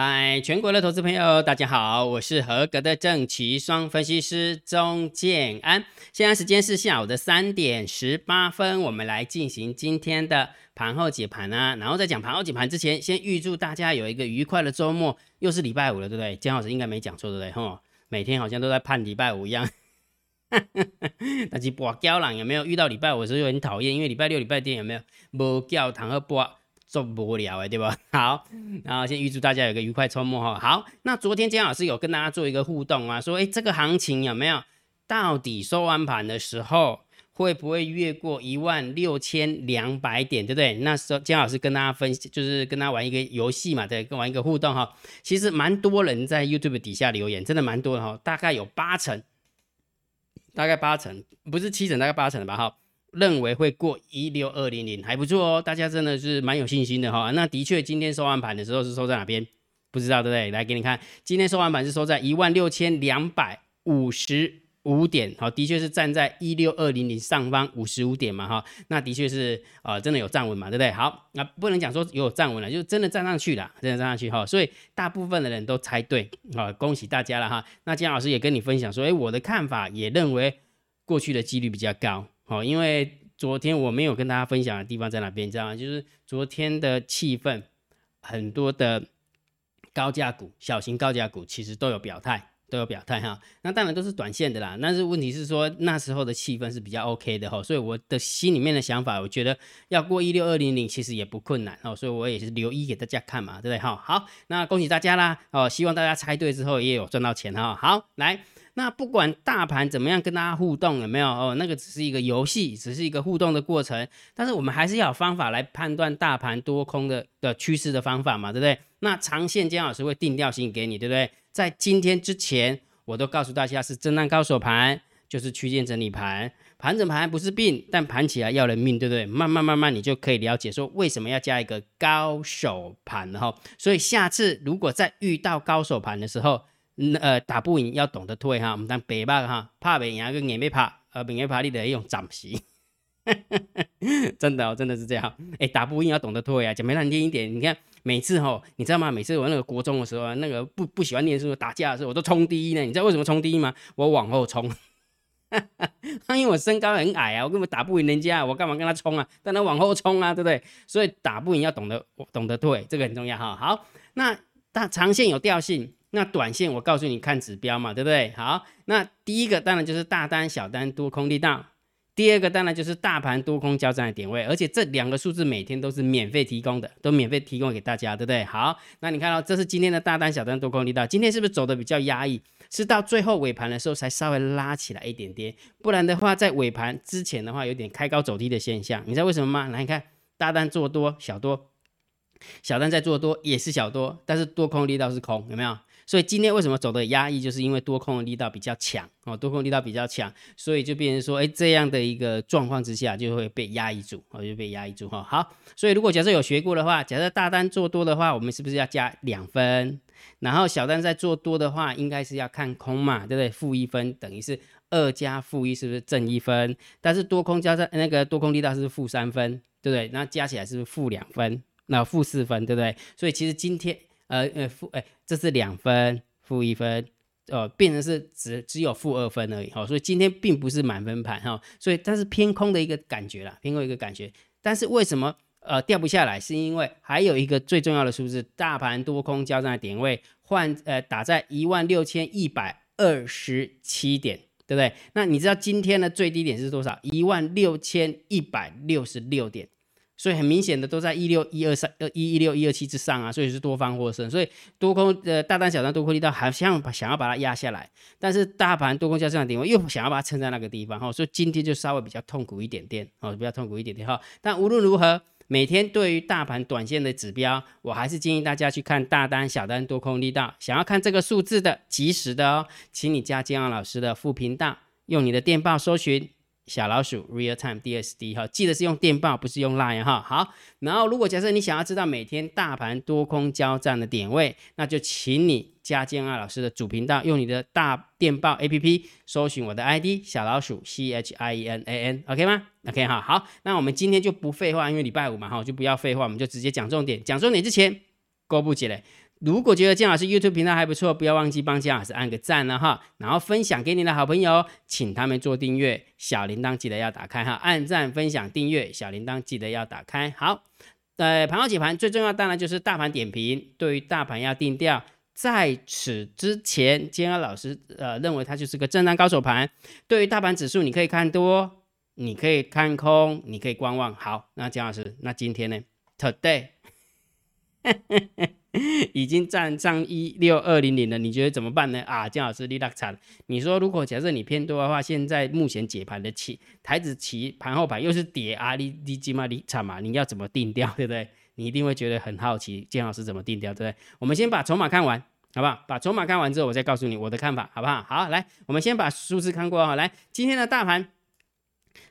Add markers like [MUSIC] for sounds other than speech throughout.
嗨，Hi, 全國的投資朋友，大家好，我是合格的正奇雙分析師鍾建安。現在時間是下午的三點十八分，我們來進行今天的盤後解盤啊。然後在講盤後解盤之前，先預祝大家有一個愉快的周末。又是禮拜五了，對不對？姜老師應該沒講錯的，對吼。每天好像都在盼禮拜五一樣。哈哈哈哈哈！但是播嬌懶有沒有遇到禮拜五的時候就很討厭？因為禮拜六、禮拜天有沒有播教唐和播？做不了哎、欸，對吧？好，然後先預祝大家有個愉快周末哈。好，那昨天薑老師有跟大家做一個互動啊，說誒，這個行情有沒有到底收完盤的時候會不會越過一萬六千兩百點，對不對？那時候薑老師跟大家分析，就是跟大家玩一個遊戲嘛，對，跟玩一個互動哈。其實蠻多人在 YouTube 底下留言，真的蠻多的哈，大概有八成，大概八成，不是七成，大概八成吧，哈。認為會過一六二零零還不錯哦，大家真的是蠻有信心的哈、哦。那的確今天收完盤的時候是收在哪邊？不知道對不對？來給你看，今天收完盤是收在一萬六千兩百五十五點，好、哦，的確是站在一六二零零上方五十五點嘛哈、哦。那的確是啊、呃，真的有站穩嘛，對不對？好，那不能講說有站穩了，就是真的站上去了，真的站上去哈、哦。所以大部分的人都猜對，好、哦，恭喜大家了哈。那建安老師也跟你分享說，哎，我的看法也認為過去的幾率比較高。哦，因為昨天我沒有跟大家分享的地方在哪邊，知道嗎？就是昨天的氣氛，很多的高價股、小型高價股其實都有表態，都有表態哈。那當然都是短線的啦。但是問題是說，那時候的氣氛是比較 OK 的哈，所以我的心裡面的想法，我覺得要過一六二零零其實也不困難哦，所以我也是留意給大家看嘛，對不對？哈，好，那恭喜大家啦哦，希望大家猜對之後也有賺到錢哈。好，來。那不管大盤怎麼樣，跟大家互動有沒有哦？那個只是一個遊戲，只是一個互動的過程。但是我們還是要有方法來判斷大盤多空的的趨勢的方法嘛，對不對？那長線姜老師會定調性給你，對不對？在今天之前，我都告訴大家是震盪高手盤，就是區間整理盤。盤整盤不是病，但盤起來要人命，對不對？慢慢慢慢，你就可以了解說為什麼要加一個高手盤哈、哦。所以下次如果再遇到高手盤的時候，嗯、呃，打不贏要懂得退哈，我們當白目哈，怕人家個眼咪怕，呃，眼咪怕你一用暫時， [LAUGHS] 真的、哦，真的是這樣。哎、欸，打不贏要懂得退啊，講得難聽一點，你看每次哈，你知道嗎？每次我那個國中的時候，那個不不喜歡念書打架的時候，我都衝第一呢。你知道為什麼衝第一嗎？我往後衝，哈哈，因為我身高很矮啊，我根本打不贏人家，我幹嘛跟他衝啊？但他往後衝啊，對不對？所以打不贏要懂得懂得退，這個很重要哈。好，那他長線有調性。那短線我告訴你看指標嘛，對不對？好，那第一個當然就是大單、小單、多空力道，第二個當然就是大盤多空交戰的點位，而且這兩個數字每天都是免費提供的，都免費提供給大家，對不對？好，那你看到這是今天的大單、小單、多空力道，今天是不是走的比較壓抑？是到最後尾盤的時候才稍微拉起來一點點，不然的話在尾盤之前的話有點開高走低的現象，你知道為什麼嗎？來你看，大單做多，小多。小單在做多，也是小多，但是多空的力道是空，有沒有？所以今天為什麼走的壓抑，就是因為多空的力道比較強哦，多空的力道比較強，所以就變成說，誒，這樣的一個狀況之下就會被壓抑住，哦，就被壓抑住哈。好，所以如果假設有學過的話，假設大單做多的話，我們是不是要加兩分？然後小單在做多的話，應該是要看空嘛，對不對？負一分，等於是二加負一，是不是正一分？但是多空加上那個多空力道是負三分，對不對？那加起來是不是負兩分？那負四分，對不對？所以其實今天，呃呃負哎，這是兩分，負一分，哦，變成是只只有負二分而已。哈、哦，所以今天並不是滿分盤哈、哦，所以它是偏空的一個感覺啦，偏空一個感覺。但是為什麼呃掉不下來？是因為還有一個最重要的數字，大盤多空交叉點位換呃打在一萬六千一百二十七點，對不對？那你知道今天的最低點是多少？一萬六千一百六十六點。所以很明顯的都在一六一二三呃一一六一二七之上啊，所以是多方獲勝，所以多空呃大單小單多空力道好像想要把它壓下來，但是大盤多空交叉的點位又想要把它撐在那個地方哈、哦，所以今天就稍微比較痛苦一點點哦，比較痛苦一點點哈、哦。但無論如何，每天對於大盤短線的指標，我還是建議大家去看大單小單多空力道，想要看這個數字的即時的哦，請你加建安老師的副頻道，用你的電報搜尋。小老鼠 real time、DS、D S D 哈，記得是用電報，不是用 Line 哈。好，然後如果假設你想要知道每天大盤多空交戰的點位，那就請你加建安老師的主頻道，用你的大電報 A P P 搜尋我的 I D 小老鼠 C H I E N A N，OK、okay、嗎？OK 哈，好，那我們今天就不廢話，因為禮拜五嘛哈，就不要廢話，我們就直接講重點。講重點之前，勾不起來如果覺得建老師 YouTube 頻道還不錯，不要忘記幫建老師按個讚了、啊、哈，然後分享給你的好朋友，請他們做訂閱，小鈴鐺記得要打開哈、啊，按讚、分享、訂閱，小鈴鐺記得要打開。好，呃，盤後解盤最重要當然就是大盤點評，對於大盤要定調。在此之前，建老師呃認為它就是個震蕩高手盤，對於大盤指數你可以看多，你可以看空，你可以觀望。好，那建老師，那今天呢？Today。 [LAUGHS] [LAUGHS] 已經站上一六二零零了，你覺得怎麼辦呢？啊，建老師立大產，你說如果假設你偏多的話，現在目前解盤的棋，台子棋，盤後盤又是跌，啊，你你金嘛你產嘛，你要怎麼定調，對不對？你一定會覺得很好奇，建老師怎麼定調，對不對？我們先把籌碼看完，好不好？把籌碼看完之後，我再告訴你我的看法，好不好？好，來，我們先把數字看過哈，來，今天的大盤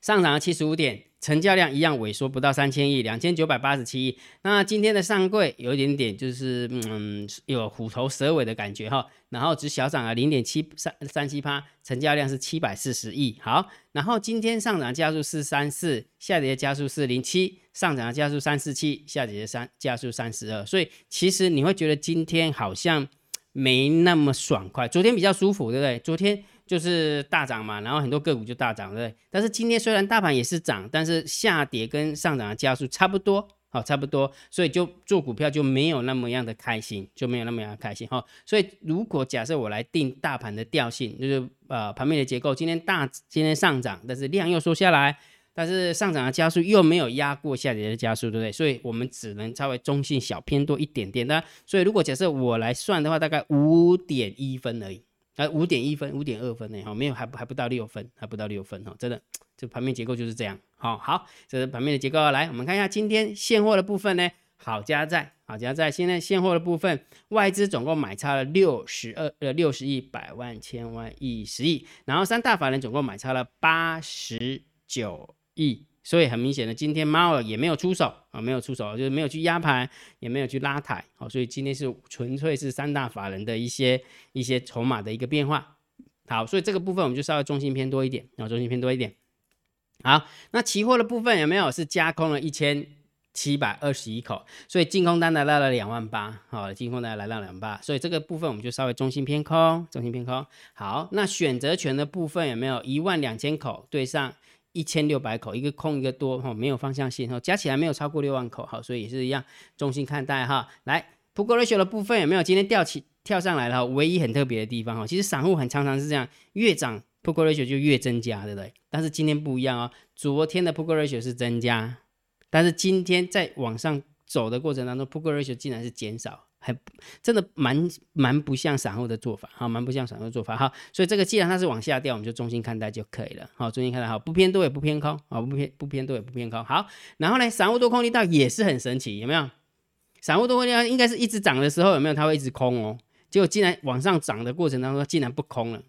上漲了七十五點。成交量一樣萎縮不到三千億，兩千九百八十七億。那今天的上櫃有一點點就是，嗯，有虎頭蛇尾的感覺哈。然後只小漲了零點七三三七趴，成交量是七百四十億。好，然後今天上漲加速是三四，下跌加速是零七，上漲的 47, 加速三四七，下跌的三加速三十二。所以其實你會覺得今天好像沒那麼爽快，昨天比較舒服，對不對？昨天。就是大漲嘛，然後很多個股就大漲，對不對？但是今天雖然大盤也是漲，但是下跌跟上漲的加速差不多，好、哦，差不多，所以就做股票就沒有那麼樣的開心，就沒有那麼樣的開心，哈、哦。所以如果假設我來定大盤的調性，就是呃，盤面的結構，今天大，今天上漲，但是量又縮下來，但是上漲的加速又沒有壓過下跌的加速，對不對？所以我們只能稍微中性小偏多一點點，那所以如果假設我來算的話，大概五點一分而已。來五點一分，五點二分呢？哈、哦，沒有，還還不到六分，還不到六分哦。真的，這盤面結構就是這樣。好、哦、好，這是盤面的結構。來，我們看一下今天現貨的部分呢？好加在，好加在。現在現貨的部分，外資總共買差了六十二呃六十億，百萬千萬億十億，然後三大法人總共買差了八十九億。所以很明顯的，今天貓兒也沒有出手啊、哦，沒有出手，就是沒有去壓盤，也沒有去拉抬。好、哦，所以今天是純粹是三大法人的一些一些籌碼的一個變化，好，所以這個部分我們就稍微中性偏多一點，啊、哦，中性偏多一點，好，那期貨的部分有沒有是加空了一千七百二十一口，所以淨空單呢來到了兩萬八，好，淨空單來到了兩萬八，28，所以這個部分我們就稍微中性偏空，中性偏空，好，那選擇權的部分有沒有一萬兩千口對上？一千六百口，一個空一個多哈、哦，沒有方向性哈、哦，加起來沒有超過六萬口，好，所以也是一樣，中性看待哈、哦。來，Put Call Ratio 的部分有沒有今天跳起跳上來了？唯一很特別的地方哈、哦，其實散戶很常常是這樣，越漲 Put Call Ratio 就越增加，對不對？但是今天不一樣哦，昨天的 Put Call Ratio 是增加，但是今天在往上走的過程當中，Put Call Ratio 竟然是減少。還真的蠻蠻不像散戶的做法，好，蠻不像散戶做法，好，所以這個既然它是往下掉，我們就中性看待就可以了，好，中性看待，好，不偏多也不偏空，啊，不偏不偏多也不偏空，好，然後呢，散戶多空力道也是很神奇，有沒有？散戶多空力道應該是一直漲的時候，有沒有？它會一直空哦，結果竟然往上漲的過程當中，竟然不空了。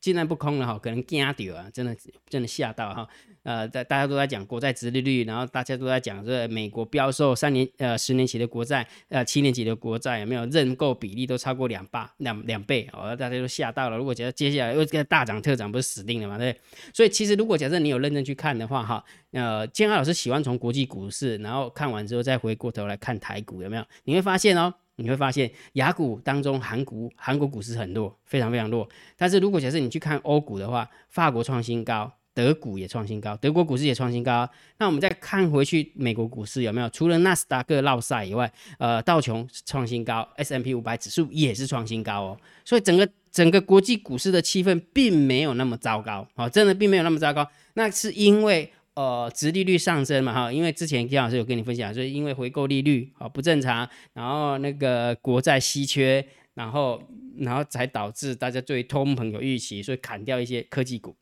竟然不空了哈，可能驚掉啊！真的真的嚇到哈。呃，在大家都在講國債殖利率，然後大家都在講這美國標售三年呃十年期的國債，呃七年期的國債有沒有認購比例都超過兩八兩兩倍哦，大家都嚇到了。如果覺得接下來因為這個大漲特漲，不是死定了嘛？對。所以其實如果假設你有認真去看的話哈，呃，建安老師喜歡從國際股市，然後看完之後再回過頭來看台股有沒有，你會發現哦。你會發現，亞股當中韓股，韓國韓國股市很弱，非常非常弱。但是如果假設你去看歐股的話，法國創新高，德股也創新高，德國股市也創新高。那我們再看回去美國股市有沒有？除了納斯達克落賽以外，呃，道瓊創新高，S&P 五百指數也是創新高哦。所以整個整個國際股市的氣氛並沒有那麼糟糕哦，真的並沒有那麼糟糕。那是因為。哦，殖利率上升嘛哈，因為之前鍾老師有跟你分享，就是因為回購利率啊不正常，然後那個國債稀缺，然後然後才導致大家對通膨有預期，所以砍掉一些科技股。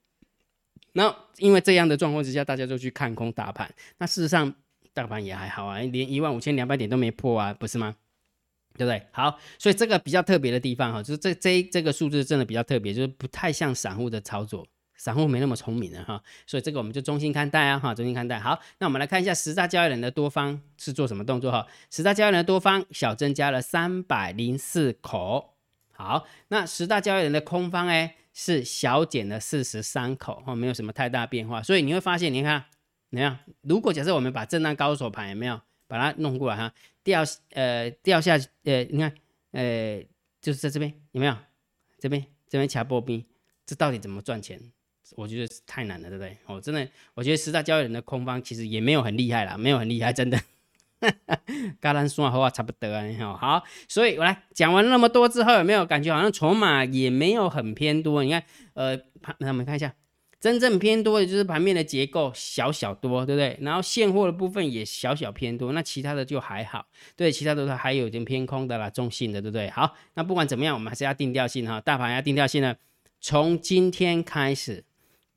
那因為這樣的狀況之下，大家就去看空大盤。那事實上，大盤也還好啊，連一萬五千兩百點都沒破啊，不是嗎？對不對？好，所以這個比較特別的地方哈，就是這這這個數字真的比較特別，就是不太像散戶的操作。散戶沒那麼聰明的、啊、哈，所以這個我們就中性看待啊哈，中性看待。好，那我們來看一下十大交易人的多方是做什麼動作哈？十大交易人的多方小增加了三百零四口，好，那十大交易人的空方哎是小減了四十三口哦，沒有什麼太大變化。所以你會發現，你看，你看，你看如果假設我們把震盪高手盤有沒有把它弄過來哈，掉呃掉下呃，你看呃，就是在這邊有沒有？這邊這邊掐波兵，這到底怎麼賺錢？我覺得太難了，對不對？我、哦、真的，我覺得十大交易人的空方其實也沒有很厲害啦，沒有很厲害，真的， [LAUGHS] 跟咱說話差不多啊，好，所以我來講完那麼多之後，有沒有感覺好像籌碼也沒有很偏多？你看，呃，那我們看一下，真正偏多的就是盤面的結構小小多，對不對？然後現貨的部分也小小偏多，那其他的就還好。對，其他的還有點偏空的啦，中性的，對不對？好，那不管怎麼樣，我們還是要定調性哈，大盤要定調性呢，從今天開始。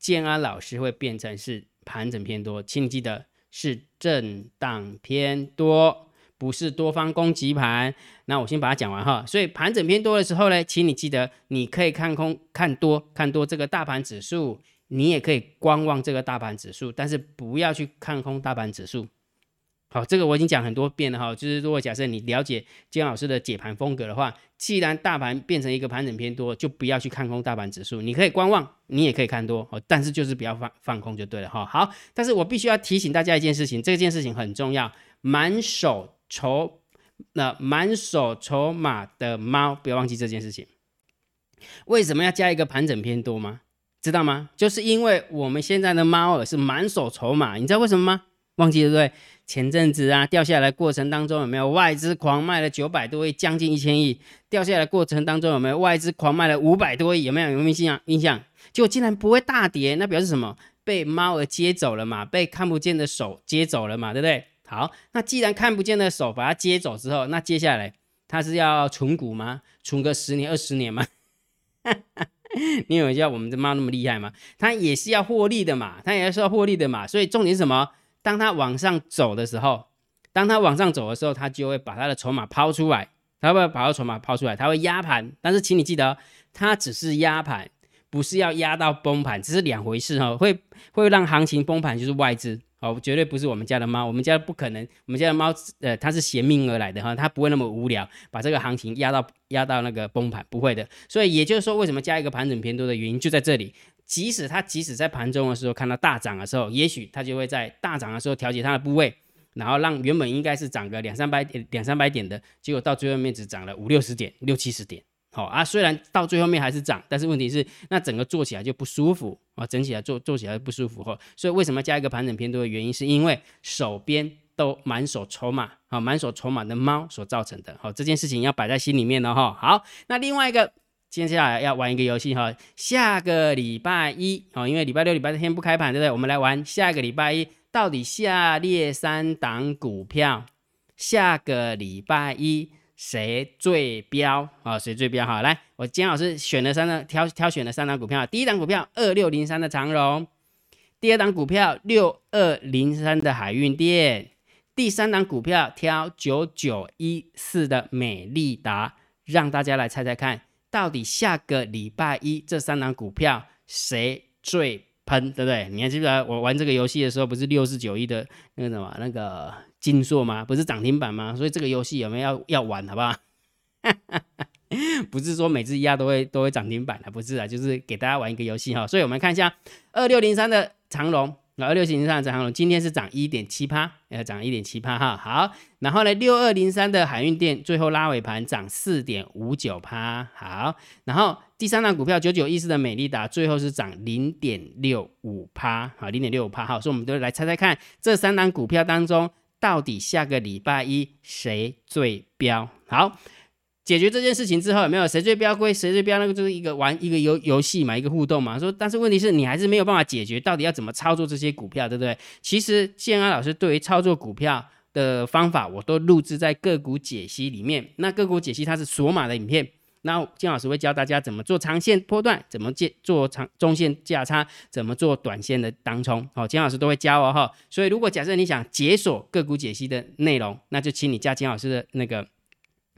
建安老師會變成是盤整偏多，請你記得是震盪偏多，不是多方攻擊盤。那我先把它講完哈。所以盤整偏多的時候呢，請你記得你可以看空、看多、看多這個大盤指數，你也可以觀望這個大盤指數，但是不要去看空大盤指數。好，這個我已經講很多遍了哈，就是如果假設你了解金老師的解盤風格的話，既然大盤變成一個盤整偏多，就不要去看空大盤指數，你可以觀望，你也可以看多，但是就是不要放放空就對了哈。好，但是我必須要提醒大家一件事情，這件事情很重要，滿手籌那滿手籌碼的貓，不要忘記這件事情。為什麼要加一個盤整偏多嗎？知道嗎？就是因為我們現在的貓耳是滿手籌碼，你知道為什麼嗎？忘記了對不對？前陣子啊，掉下來過程當中有沒有外資狂賣了九百多億，將近一千億？掉下來過程當中有沒有外資狂賣了五百多億？有沒有，有沒有印象？印象？結果竟然不會大跌，那表示什麼？被貓兒接走了嘛？被看不見的手接走了嘛？對不對？好，那既然看不見的手把它接走之後，那接下來它是要存股嗎？存個十年二十年嗎？ [LAUGHS] 你有像我們的貓那麼厲害嗎？它也是要獲利的嘛，它也是要獲利的嘛，所以重點是什麼？當它往上走的時候，當它往上走的時候，它就會把它的籌碼拋出來，它會把它的籌碼拋出來，它會壓盤。但是，請你記得哦，它只是壓盤，不是要壓到崩盤，只是兩回事哈哦。會會讓行情崩盤就是外資哦，絕對不是我們家的貓，我們家不可能，我們家的貓呃，它是銜命而來的哈，它不會那麼無聊，把這個行情壓到壓到那個崩盤，不會的。所以也就是說，為什麼加一個盤整偏多的原因就在這裡。即使他即使在盤中的時候看到大漲的時候，也許他就會在大漲的時候調節他的部位，然後讓原本應該是漲個兩三百兩三百點的結果到最後面只漲了五六十點六七十點。好、哦、啊，雖然到最後面還是漲，但是問題是那整個做起來就不舒服啊，整起來做做起來不舒服。哦、所以為什麼加一個盤整偏多的原因，是因為手邊都滿手籌碼啊，滿、哦、手籌碼的貓所造成的。好、哦，這件事情要擺在心裡面了、哦、哈、哦。好，那另外一個。接下來要玩一個遊戲哈，下個禮拜一哦，因為禮拜六、禮拜天不開盤，對不對？我們來玩下個禮拜一，到底下列三檔股票下個禮拜一誰最飆啊？誰、哦、最飆好，來，我鍾老師選了三張，挑挑選了三檔股票，第一檔股票二六零三的長榮，第二檔股票六二零三的海韻電，第三檔股票挑九九一四的美利達，讓大家來猜猜看。到底下個禮拜一這三檔股票誰最噴，對不對？你還記得我玩這個遊戲的時候，不是六四九一的那個什麼那個晶碩嗎？不是漲停板嗎？所以這個遊戲有沒有要要玩，好不好？ [LAUGHS] 不是說每次壓都會都會漲停板、啊、不是啊，就是給大家玩一個遊戲哈。所以我們看一下二六零三的長榮。老二六零零上漲，長今天是漲一點七八，哎、呃，漲一點七八哈。好，然後呢，六二零三的海運店最後拉尾盤漲四點五九趴。好，然後第三檔股票九九一四的美利達最後是漲零點六五趴。好，零點六五趴。好，所以我們就來猜猜看，這三檔股票當中，到底下個禮拜一誰最彪？好。解決這件事情之後，有沒有誰最標歸誰最標，那個就是一個玩，一個遊遊戲嘛，一個互動嘛。說，但是問題是你還是沒有辦法解決，到底要怎麼操作這些股票，對不對？其實建安老師對於操作股票的方法，我都錄製在個股解析裡面。那個股解析它是鎖碼的影片，那金老師會教大家怎麼做長線波段，怎麼借做長中線價差，怎麼做短線的當沖。好，金老師都會教哦哈。所以如果假設你想解鎖個股解析的內容，那就請你加金老師的那個。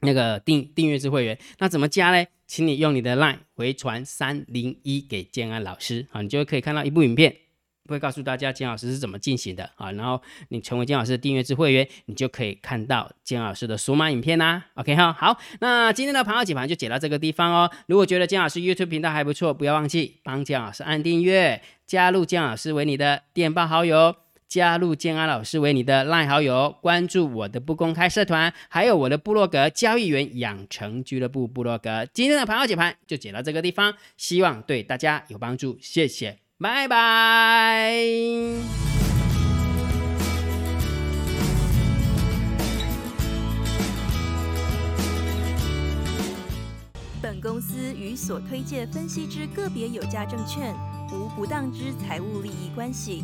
那個訂訂閱制會員，那怎麼加呢？請你用你的 LINE 回傳三零一給建安老師，啊，你就可以看到一部影片，會告訴大家建安老師是怎麼進行的啊。然後你成為建安老師的訂閱制會員，你就可以看到建安老師的數碼影片啦、啊。OK，哈，好，那今天的盤後解盤就解到這個地方哦。如果覺得建安老師 YouTube 頻道還不錯，不要忘記幫建安老師按訂閱，加入建安老師為你的電報好友。加入建安老師為你的 LINE 好友，關注我的不公開社團，還有我的部落格交易員養成俱樂部部落格。今天的盤後解盤就解到這個地方，希望對大家有幫助，謝謝，拜拜。本公司與所推薦分析之個別有價證券無不當之財務利益關係。